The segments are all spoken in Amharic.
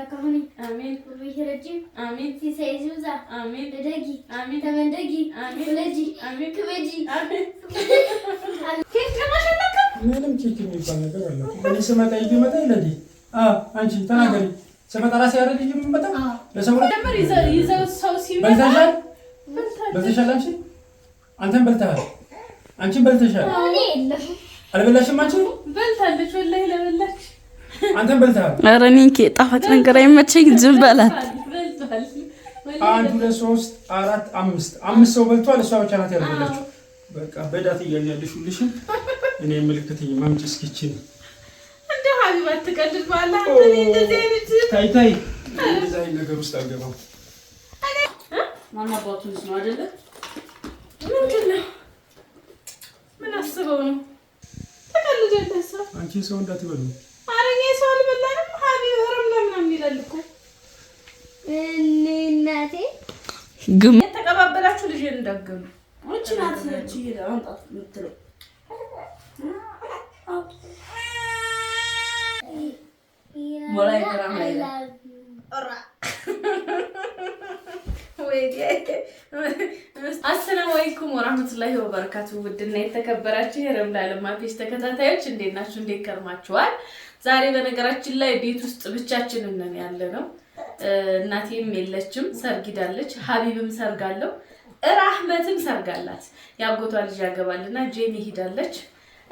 የተባረከ አሜን። ሁሉ ይረጂ። አሜን። ሲሳይ ይብዛ። አሜን። ደደጊ። አሜን። ተመንደጊ። አሜን። ወለጂ። አሜን። ክበጂ። አሜን። ኬክ ለማሸለከ ምንም ኬክ የሚባል ነገር አለ? እኔ ስመጣ ይመጣ ይለዲ። አ አንቺ ተናገሪ። ስመጣ ራሴ ያረድ ይመጣ ለሰው ለምር ይዘው ሰው ሲመጣ በልተሻል። አንቺ አንተን በልተሃል። አንቺን በልተሻል። አልበላሽም። አንቺ በልታለች። ወላሂ ለበላች ኧረ እኔ ጣፋጭ ነገር አይመቸኝ። ዝም በላት። አንድ ሁለት ሶስት አራት አምስት አምስት ሰው በልቷል። እሷ ብቻ ናት ያልበላችሁ። በቃ በዳት እያያለሽ ሁልሽም እኔ ምልክትኝ ማምጭ እስኪችን እንደ ሀቢባ ትቀልድ ባላ ታይታይ እንደዚህ አይነት ነገር ውስጥ አልገባም። ማናባቱንስ ነው አይደለ? ምንድን ነው? ምን አስበው ነው? ተቀልድ ያለሳ አንቺ ሰው እንዳትበሉ አረኛ ሰው አልበላንም። ሀቢ ወረም ለምን የሚላል እኮ እኔ እናቴ ግም የተቀባበላችሁ ልጅ እንዳገሉ ወጭ ናት ነች ይሄ አንጣት የምትለው አሰላሙ አለይኩም ወራህመቱላሂ ወበረካቱ። ውድና የተከበራችሁ የረምዳ ለማፔጅ ተከታታዮች እንዴት ናችሁ? እንዴት ከርማችኋል? ዛሬ በነገራችን ላይ ቤት ውስጥ ብቻችንን ነን ያለ ነው። እናቴም የለችም፣ ሰርግ ሄዳለች። ሀቢብም ሰርጋለው፣ ራህመትም ሰርጋላት፣ ያጎቷ ልጅ ያገባልና ጄሚ ሄዳለች።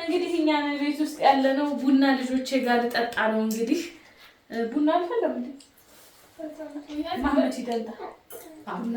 እንግዲህ እኛ ቤት ውስጥ ያለ ነው። ቡና ልጆቼ ጋር ልጠጣ ነው። እንግዲህ ቡና አልፈለም ማመት ይደልታ ቡና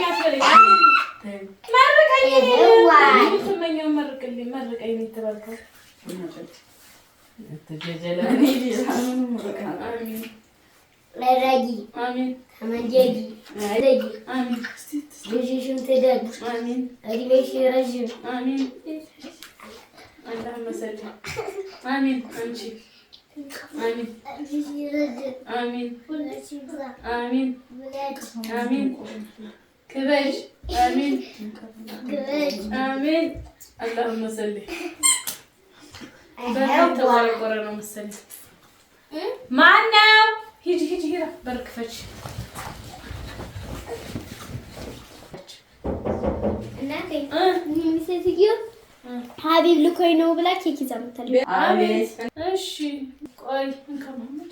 አሚን አሚን ክበጅ አሚን አሚን አላሁመ ሰሊ ተቆረቆረ ነው መሰለኝ። ማነው? ሂጂ ሂጂ ሂራ በር ክፈች። ሀቢብ ልኮኝ ነው ብላ ኬክ ይዛ መታለች። አቤት። እሺ ቆይ እንከማመድ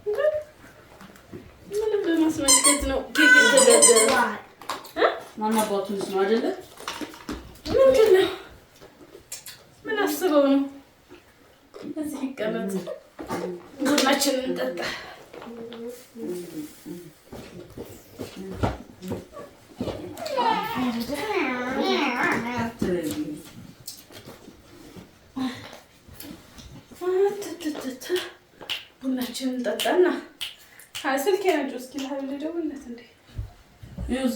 ምን እንደጠና አይስል ከነጆ እስኪ ላይ ልደው እንደት እንዴ ዩዝ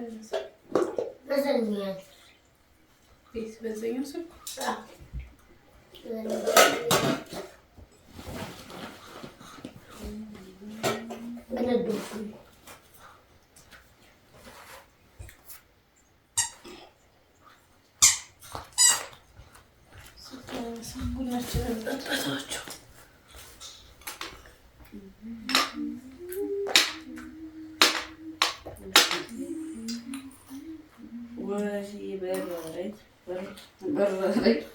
Beleza. esse Isso, besourinha Tá. barradeiro.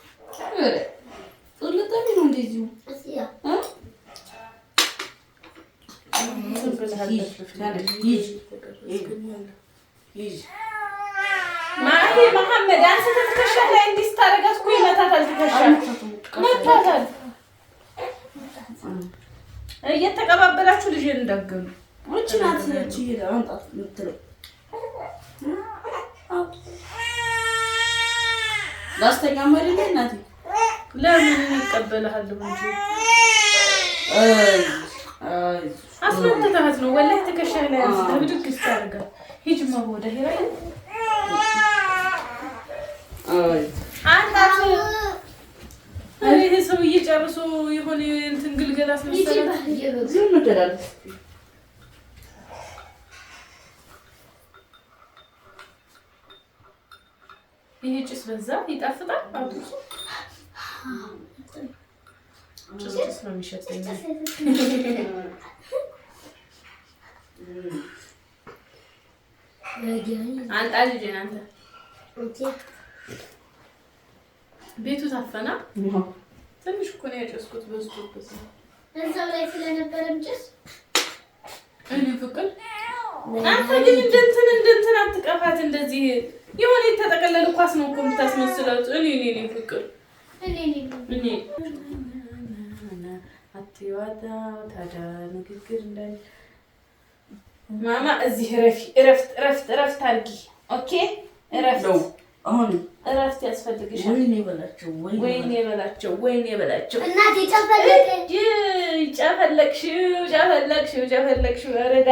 ራስተኛ ማደለ እናቴ ለምን ይቀበልሃል? እንጂ አስመጥተሃት ነው ወላሂ ትከሻ ላይ ብድግ ስታደርጋት ሂጅ ወደ ሄራ አንተ ሰውዬ ጨርሶ የሆነ እንትን ግልገላ ይሄ ጭስ በዛ ይጣፍጣል። አብሱ ጭስ ጭስ ነው የሚሸጠኝ። አንጣ ልጅ አንተ ቤቱ ታፈና። ትንሽ እኮ ነው ያጨስኩት በዝቶበት እዛው ላይ ስለነበረም ጭስ እኔ ፍቅር አንተ ግን እንደ እንትን አትቀፋት። እንደዚህ የሆነ የተጠቀለል ኳስ ነው እኮ የምታስመስለው። እኔ እኔ እኔ ፍቅር ታዲያ ንግግር እንዳለ ማማ እዚህ እረፊ፣ እረፍት፣ እረፍት፣ እረፍት አድርጊ። ኦኬ እረፍት አሁን እረፍት ያስፈልግሻል። ወይኔ በላቸው፣ ወይኔ በላቸው፣ ወይኔ በላቸው። እናቴ ጨፈለቅሽ፣ ጨፈለቅሽ፣ ጨፈለቅሽ፣ ጨፈለቅሽ ወረዳ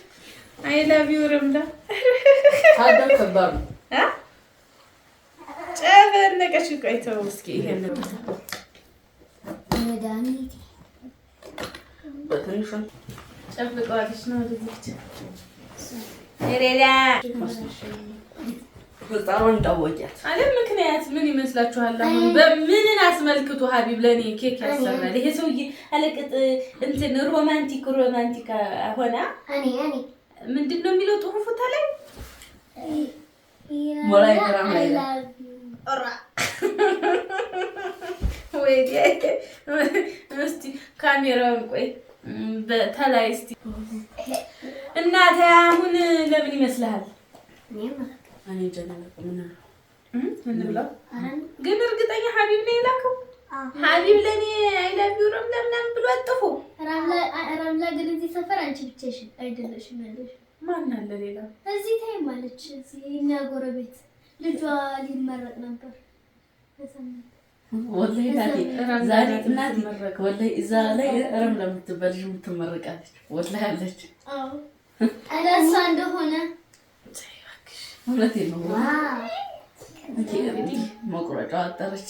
አይ ላቭ ዩ ረምዳ ታደም ከባድ ነው። ጨበለቀሽ። ቆይ ተው እስኪ ይሄን ጨብቀዋለች ነው ልጅ ሬዳ አለ ምክንያት ምን ይመስላችኋል? አሁን በምንን አስመልክቶ ሀቢብ ለኔ ኬክ ያሰራል ይሄ ሰውዬ አለቅጥ እንትን ሮማንቲክ ሮማንቲክ ሆና እኔ እኔ ምንድን ነው የሚለው ጽሑፉ ተላይ ሞላይ ግራም ላይ እስቲ ካሜራውን ቆይ ተላይ እስቲ እናተ አሁን ለምን ይመስልሃል? እንብላ ግን እርግጠኛ ሀቢብ ነው የላከው ሀቢብ ለኔ አይ ላቭ ረምላ ምናምን ብሎ አጥፉ። ረምላ ግን እዚህ ሰፈር አንቺ ብቻሽን አይደለሽም ያለሽ። ማን አለ ሌላ? እዚህ ታይም አለች። እዚህ እኛ ጎረቤት ልጇ ሊመረቅ ነበር። ወላሂ እዛ ላይ ረምላ የምትባል ልጅ የምትመረቃለች። ወላሂ አለች። እሷ እንደሆነ እውነቴን ነው። መቁረጫ አጠረች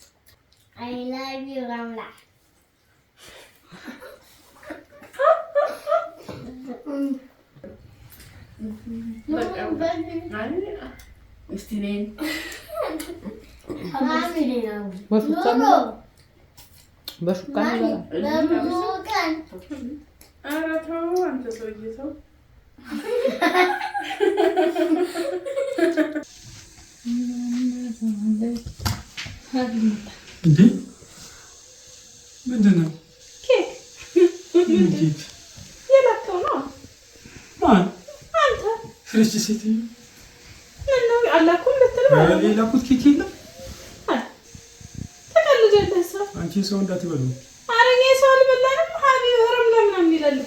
I love you, Ramla. What's the name? What's the name? What's the name? What's the name? What's the name? እንዴ ምንድን ነው ኬክ? የላከው ነው። ማን? አንተ። ፍሬሽ ሴትዮ ምነው አላኩም ልትል የላኩት ኬክ የለም። ተቀልጃለህ። ሰው አንቺ ሰው እንዳትበሉ። ኧረ እኔ ሰው አልበላንም። ሀቢ ወረም ምናምን ይላል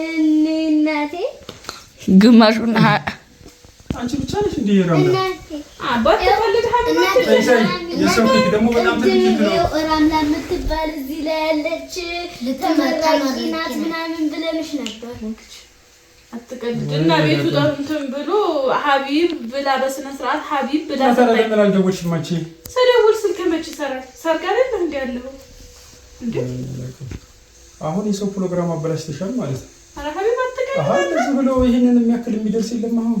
እኔ እናቴ ግማሹን አንቺ ብቻ ነሽ እንደ አባት ተወልደሃል የሰው ልጅ በጣም ትልቅ ነው። ላይ ያለች ናት ምናምን ነበር። ቤቱ ብሎ ሀቢብ ብላ በስነ ስርዓት ሀቢብ ብላ እንደ ያለው እንዴ። አሁን የሰው ፕሮግራም አበላሽተሻል ማለት ነው። ሀቢብ ብሎ ይህንን የሚያክል የሚደርስ የለም አሁን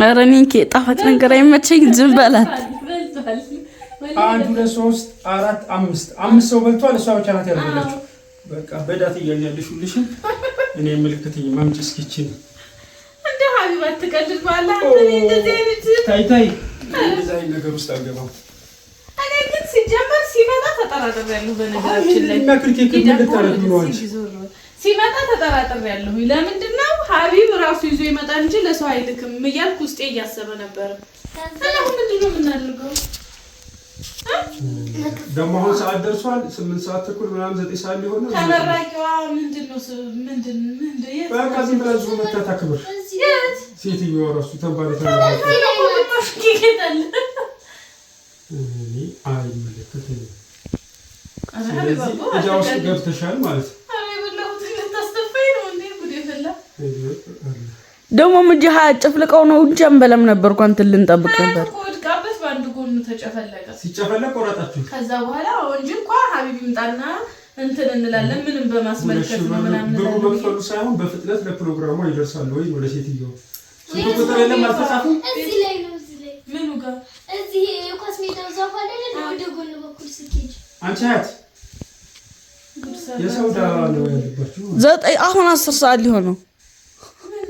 ኧረ እኔ ጣፋጭ ነገር አይመቸኝ። ዝም በላት። አንድ ሁለት ሶስት አራት አምስት አምስት ሰው በልቷል። እሷ ብቻ ናት ያልበላችሁ። በቃ በዳት እያያልሹልሽን እኔ እንደ ሀቢባ ትቀልድ ታይታይ ነገር ውስጥ አልገባም። እኔ ግን ሲጀመር ሲመጣ ተጠራጥሬያለሁ። በነገራችን ላይ ሲመጣ ተጠራጥሬያለሁ። ለምንድን ነው ሀቢብ ራሱ ይዞ ይመጣል እንጂ ለሰው አይልክም እያልኩ ውስጤ እያሰበ ነበረ። አሁን ምንድን ነው የምናደርገው? ደግሞ አሁን ሰዓት ደርሷል። ስምንት ሰዓት ተኩል ምናምን ዘጠኝ ሰዓት ሊሆን ነው። ተመራቂዋ ምንድን ነው ምንድን ምንድን ሴትዮዋ ራሱ ተባለ ስለዚህ እጃ ውስጥ ገብተሻል ማለት ነው ደግሞ ምጅ ጭፍልቀው ነው እንጂ አንበለም ነበር። እንኳን ልንጠብቅ ነበር። በአንድ ጎኑ ተጨፈለቀ። ሲጨፈለቅ ቆረጣችሁ። ከዛ በኋላ እንጂ እንኳን ሀቢብ ይምጣና እንትን እንላለን። ምንም በማስመልከት ነው ምናምን ብሩ መክፈሉ ሳይሆን በፍጥነት ለፕሮግራሙ ይደርሳል ወይ ወደ ሴትዮ ወደ ጎን በኩል ስኬጅ አንቺ ነው ያለባችሁ። ዘጠኝ አሁን አስር ሰዓት ሊሆን ነው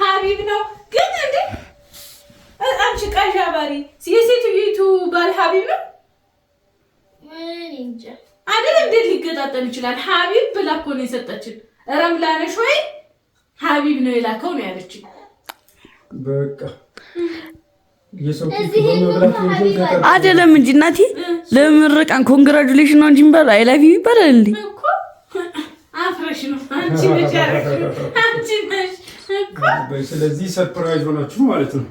ሀቢብ ነው ግን እንዴ! አንቺ ቀዣባሪ የሴቱ ባል ሀቢብ ነው አይደል? እንዴት ሊገጣጠም ይችላል? ሀቢብ ብላ እኮ ነው የሰጠችን። ረምላነሽ ወይ ሀቢብ ነው የላከው ነው ያለችኝ። በቃ አይደለም እንጂ እናቴ ለምረቃን ኮንግራጁሌሽን ነው እንጂ የሚባለው አይ ላቭ ዩ ይባላል አፍረሽ ነው አንቺ ነሽ አንቺ ነሽ ስለዚህ ሰርፕራይዝ ሆናችሁ ማለት ነው።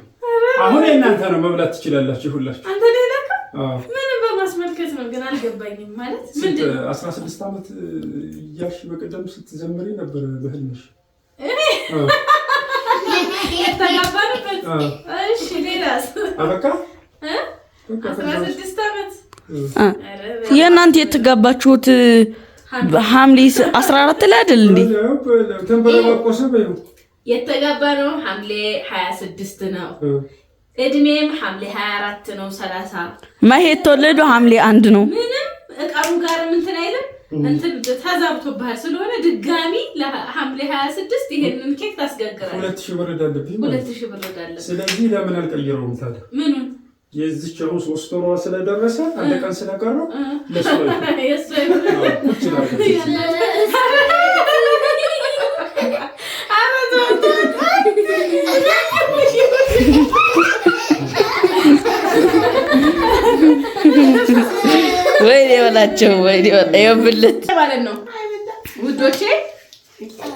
አሁን የእናንተ ነው፣ መብላት ትችላላችሁ ሁላችሁ። አንተ ሌላ ምንም በማስመልከት ነው ግን አልገባኝም። ማለት አስራ ስድስት ዓመት እያልሽ በቀደም ስትዘምሪ ነበር በህልምሽ የእናንተ የተጋባችሁት ሐምሌ አስራ አራት ላይ አይደል እንዴ? የተጋባ ነው ሐምሌ 26 ነው። እድሜም ሐምሌ 24 ነው። 30 ማሄ የተወለዱ ሐምሌ አንድ ነው። ምንም እቃሙ ጋር እንትን አይልም እንትን ተዛብቶብሃል ስለሆነ ድጋሚ ሐምሌ 26 ይሄንን ኬክ ታስጋግራለህ። ሁለት ሺህ ብር ዕዳ ሁለት ሺህ ብር ዕዳ ስለዚህ ለምን አልቀየረውም ታዲያ? ምኑን የዚች አሁን ሶስት ወሯ ስለደረሰ አንድ ቀን ስለቀረው ለሱ ወይ በላቸው ብልት ማለት ነው ውዶቼ።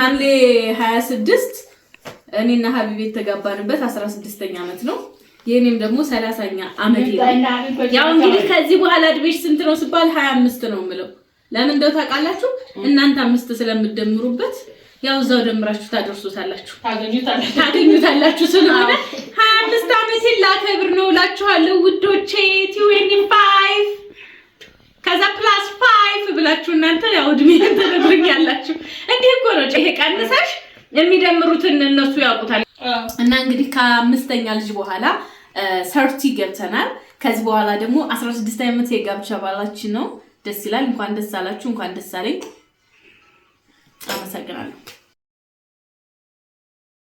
ሐምሌ 26 እኔና ሀቢብ የተጋባንበት 16ኛ ዓመት ነው። የእኔም ደግሞ 30ኛ ዓመት ያው እንግዲህ ከዚህ በኋላ እድሜሽ ስንት ነው ሲባል 25 ነው የምለው። ለምን እንደው ታውቃላችሁ እናንተ አምስት ስለምትደምሩበት ያው እዛው ደምራችሁ ታደርሱታላችሁ ታገኙታላችሁ ስለሆነ 25 ዓመት ላከብር ነው እላችኋለሁ ውዶቼ ቲዌንቲ ፋይቭ ከዛ ፕላስ ፋይቭ ብላችሁ እናንተ ያው እድሜ ተደርግ ያላችሁ እንዲህ እኮ ነው። ይሄ ቀንሰሽ የሚደምሩትን እነሱ ያውቁታል። እና እንግዲህ ከአምስተኛ ልጅ በኋላ ሰርቲ ገብተናል። ከዚህ በኋላ ደግሞ 16 ዓመት የጋብቻ ባላችን ነው። ደስ ይላል። እንኳን ደስ አላችሁ፣ እንኳን ደስ አለኝ። አመሰግናለሁ።